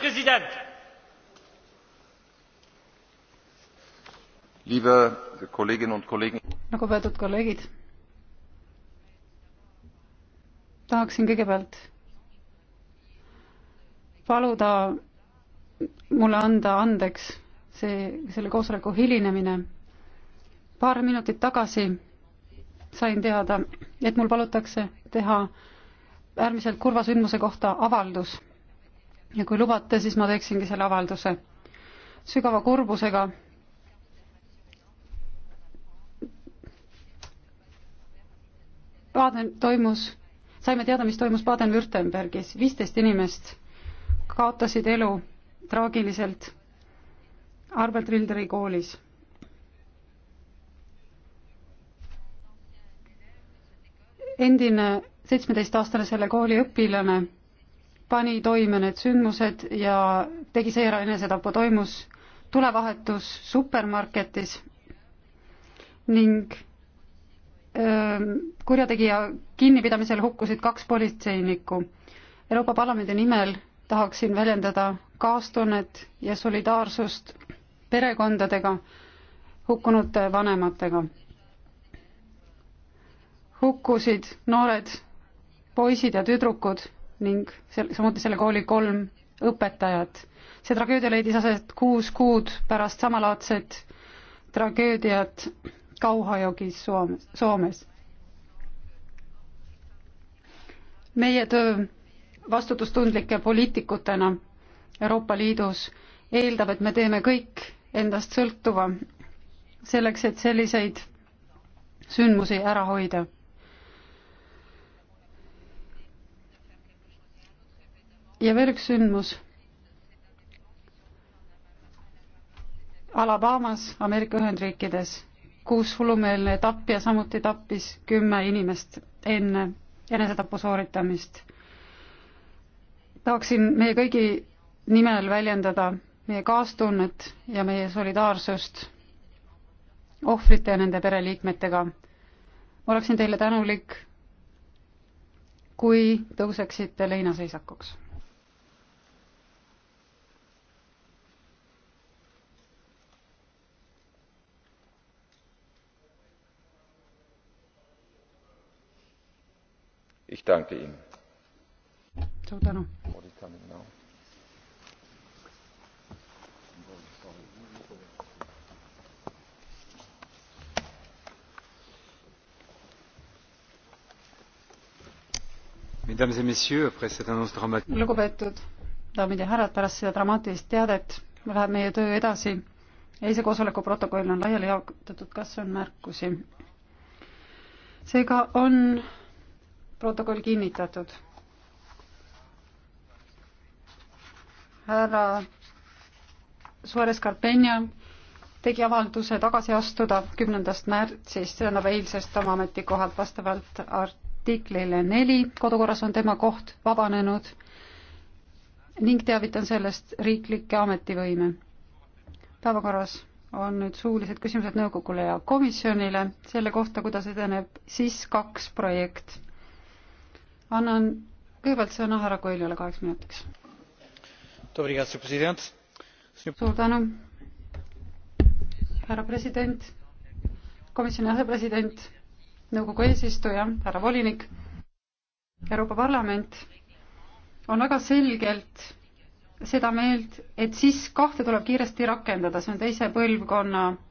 Präsident! Liebe Kolleginnen und Kollegen! Lugupeetud kolleegid! Tahaksin kõigepealt paluda mulle anda andeks see, selle koosoleku hilinemine. paar minutit tagasi sain teada, et mul palutakse teha äärmiselt kurva sündmuse kohta avaldus ja kui lubate, siis ma teeksingi selle avalduse. sügava kurbusega Baden toimus, saime teada, mis toimus Baden-Württembergis, viisteist inimest kaotasid elu traagiliselt Arbert Rilderi koolis. endine seitsmeteistaastane selle kooli õpilane pani toime need sündmused ja tegi seejärel enesetapu, toimus tulevahetus supermarketis ning kurjategija kinnipidamisel hukkusid kaks politseinikku. Euroopa Parlamendi nimel tahaksin väljendada kaastunnet ja solidaarsust perekondadega, hukkunute vanematega. hukkusid noored poisid ja tüdrukud ning sel-, samuti selle kooli kolm õpetajat. see tragöödia leidis aset kuus kuud pärast samalaadset tragöödiat Kauhajokis Soomes, Soomes. meie töö vastutustundlike poliitikutena Euroopa Liidus eeldab, et me teeme kõik endast sõltuva selleks, et selliseid sündmusi ära hoida ja veel üks sündmus. Alabamas, Ameerika Ühendriikides, kus hullumeelne tapja samuti tappis kümme inimest enne enesetapu sooritamist. tahaksin meie kõigi nimel väljendada meie kaastunnet ja meie solidaarsust ohvrite ja nende pereliikmetega. ma oleksin teile tänulik, kui tõuseksite leinaseisakuks ich danke ihnen. suur tänu. lugupeetud daamid ja härrad, pärast seda dramaatilist teadet läheb meie töö edasi. eilse koosoleku protokoll on laiali jaotatud, kas on märkusi? seega on protokoll kinnitatud. härra Suarez Carpena tegi avalduse tagasi astuda kümnendast märtsist, see tähendab eilsest oma ametikohalt vastavalt artiklile neli, kodukorras on tema koht vabanenud ning teavitan sellest riiklikke ametivõime. päevakorras on nüüd suulised küsimused nõukogule ja komisjonile selle kohta, kuidas edeneb SIS kaks projekt annan kõigepealt sõna härra Koiljale kaheks minutiks. suur tänu, härra president, komisjoni asepresident, nõukogu eesistuja, härra volinik, Euroopa Parlament on väga selgelt seda meelt, et siis kahte tuleb kiiresti rakendada, see on teise põlvkonna